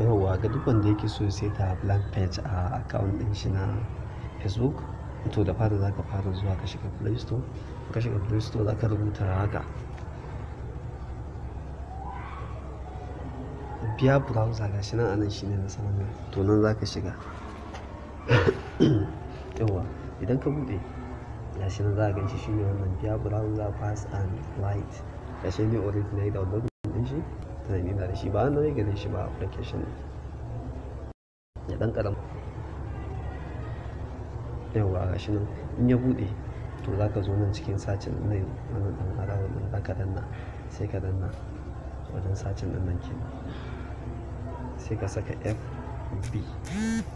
yauwa ga duk wanda yake so sai ta blank page a account din shi na facebook to da fara zaka fara zuwa ka shiga play store ka shiga play store zaka rubuta haka biya browser ga shi nan anan shine na saman nan to nan zaka shiga yauwa idan ka bude ga shi nan zaka ganshi shine wannan biya browser fast and light ga shi ne already na yi download din shi tunani na da shi ba nauyi gare shi ba application ya dan karam yawa ga shi nan in ya bude to za ka zo nan cikin sacin nan wannan dan harawa nan za ka danna sai ka danna wajen sacin din nan kenan sai ka saka f b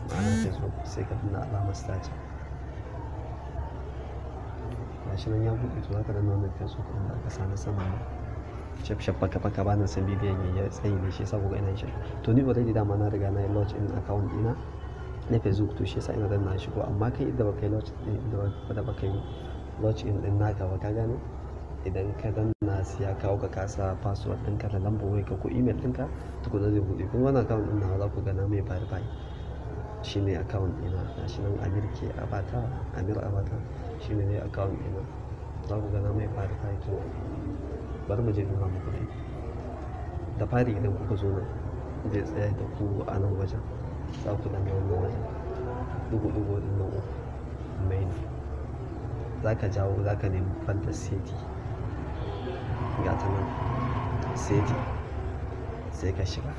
ma'ana facebook sai ka danna alamar sacin gashi nan ya bude to za ka danna wannan facebook ɗin da aka sami sama shaf shaf baka baka ba na san bidiyon ya tsayi ne shi yasa kuga ina shi to ni already dama na riga na yi launch in account dina na facebook to shi yasa ina danna shigo amma kai da baka yi launch da baka yi launch in din naka ba ka gane idan ka danna sai ya kawo ka kasa password ɗinka da lambar ka ko email ɗinka tukuna zai buɗe kuma wannan account ɗin nawa za ku gana mai verify shine account ɗina gashi nan amir ke abata amir abata shine ne account ɗina za ku gana mai verify to bar mu je nuna muku ne da fari idan kuka zo nan zai tsaya da ku a nan wajen za ku nan wannan wajen dugu dugu din nan mai ne za ka jawo za ka nemi fanta seti ga ta nan seti sai ka shiga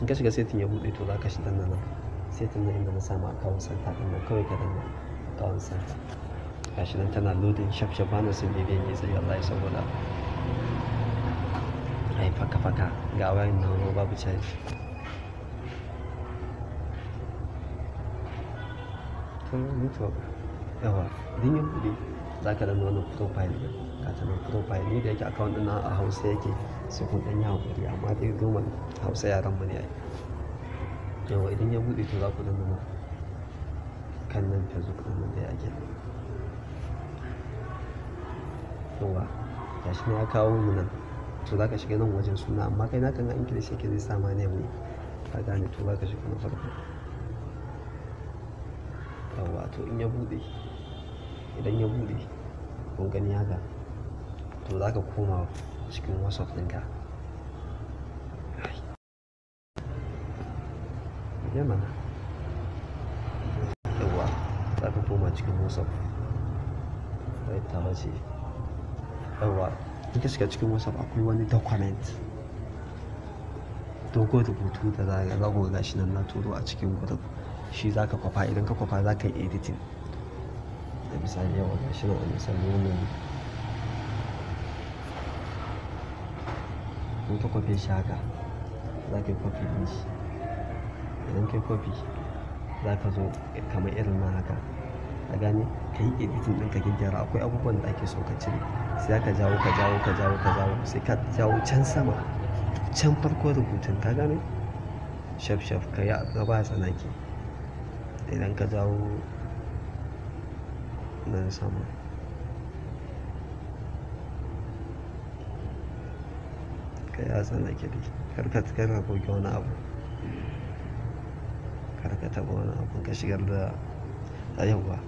in ka shiga setin ya buɗe to za ka shi danna nan setin na inda na samu kawon santa ɗin nan kawai ka danna kawon santa gashi nan tana lodin shafshaf na sun ne ya Allah ya saboda ai faka-faka ga wayan nan babu caji kan mutuwa yawa din yi kudi za ka dana wannan profile ne ka tanar profile ne da yake account na a hausa yake sai kun dan yi haƙuri amma dai goma hausa yaran mu ne ai yawa idan ya bude to za ku dana kan nan ta zuƙa ɗin da ya yawa gashi shi ya kawo mu nan to za ka shiga nan wajen suna amma kai naka in shi yake zai sa ma ne mu ka gane to za ka shiga na farko yawa to in ya bude idan ya bude kun gani haka to za ka koma cikin whatsapp ɗinka yana yawa za ka koma cikin whatsapp ta ce. yawa in ka shiga cikin whatsapp akwai wani document dogon rubutu da za ga ga shi nan na turo a cikin group shi za ka kwafa idan ka kwafa za ka yi editing da misali yawa shi nan misali ne in ka kwafe shi haka za ka yi kwafi din shi idan ka yi kwafi za ka zo kamar irin na haka ka gane ka yi editing ɗin ka gyara akwai abubuwan da ake so ka cire sai ka jawo ka jawo ka jawo ka jawo sai ka jawo can sama can farko rubutun ka gane shaf shaf ka yi gaba tsanaki idan ka jawo nan sama ka yi tsanaki dai karka kana goge wani abu karka taɓa wani abu ka shigar da yauwa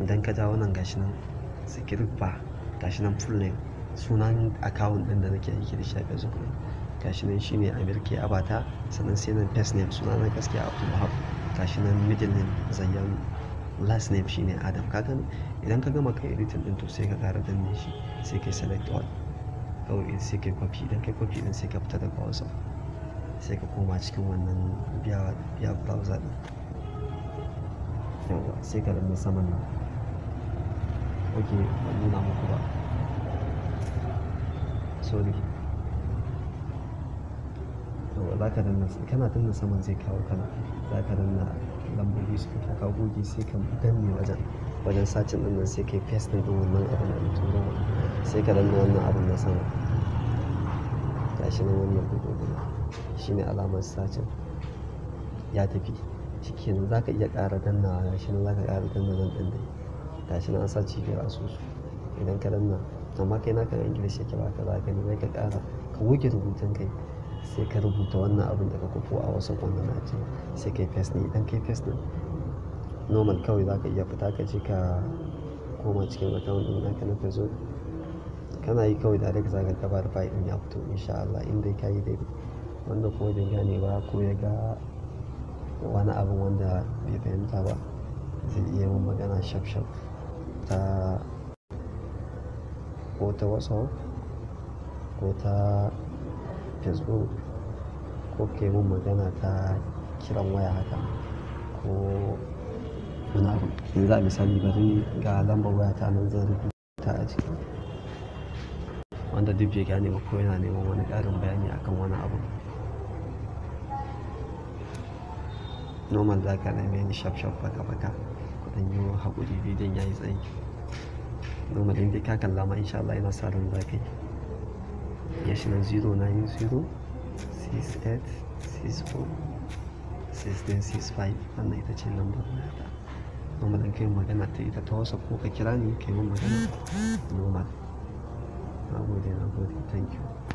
idan ka jawo nan gashi nan secret bar gashi nan full name sunan account din da nake aiki da shi a kuma ne gashi nan shine amir ke abata sannan sai nan first name sunan na gaskiya abdulwahab gashi nan middle name zayyan last name shine adam ka idan ka gama kai editing din to sai ka kara danne shi sai kai select all kawai sai kai copy idan kai copy din sai ka fita daga whatsapp sai ka koma cikin wannan biya browser din yawa sai ka danne saman nan ok ban nuna muku ba sorry yawa za ka danna kana danna saman zai kawo kana za ka danna lambobi su fito kawo goge sai ka danne wajen wajen sacin din nan sai yi paste din wannan abin da turo sai ka danna wannan abin na sama shi nan wannan dubu ne alamar sacin ya tafi shikenan za ka iya ƙara dannawa shi nan za ka ƙara danna nan ɗin dai gashi nan an sa cibiyar asusu idan ka danna amma kai naka na ingilishi yake ba ka zaka ka ne ka kara ka goge rubutun kai sai ka rubuta wannan abin da ka kofo a wasu kwanan na ce sai kai fes ne idan kai fes ne normal kawai zaka iya fita ka je ka koma cikin account ɗin naka na fezo kana yi kawai da daga zaka ka bar fa'il ɗin ya fito insha Allah inda ka yi dai wanda kuma da gane ba ko ya ga wani abin wanda bai fahimta ba zai iya yin magana shaf shaf ta ko ta whatsapp ko ta facebook ko ke mun magana ta kiran waya haka ko wani abu yanzu a misali bari ga lambar waya ta nan zan rubuta a ciki wanda duk bai ya ba ko yana neman wani ƙarin bayani akan wani abu normal za ka neme ni shaf baka-baka dan yi haƙuri bidiyon ya yi tsayi domin inda ka kalla ma insha Allah yana sa ran za ka yi ya shi na 090 68 64 1665 wannan ita ce lambar wayata normal din kai magana ta ita ta wasa ko ka kira ni kai mun magana domin na gode na gode thank you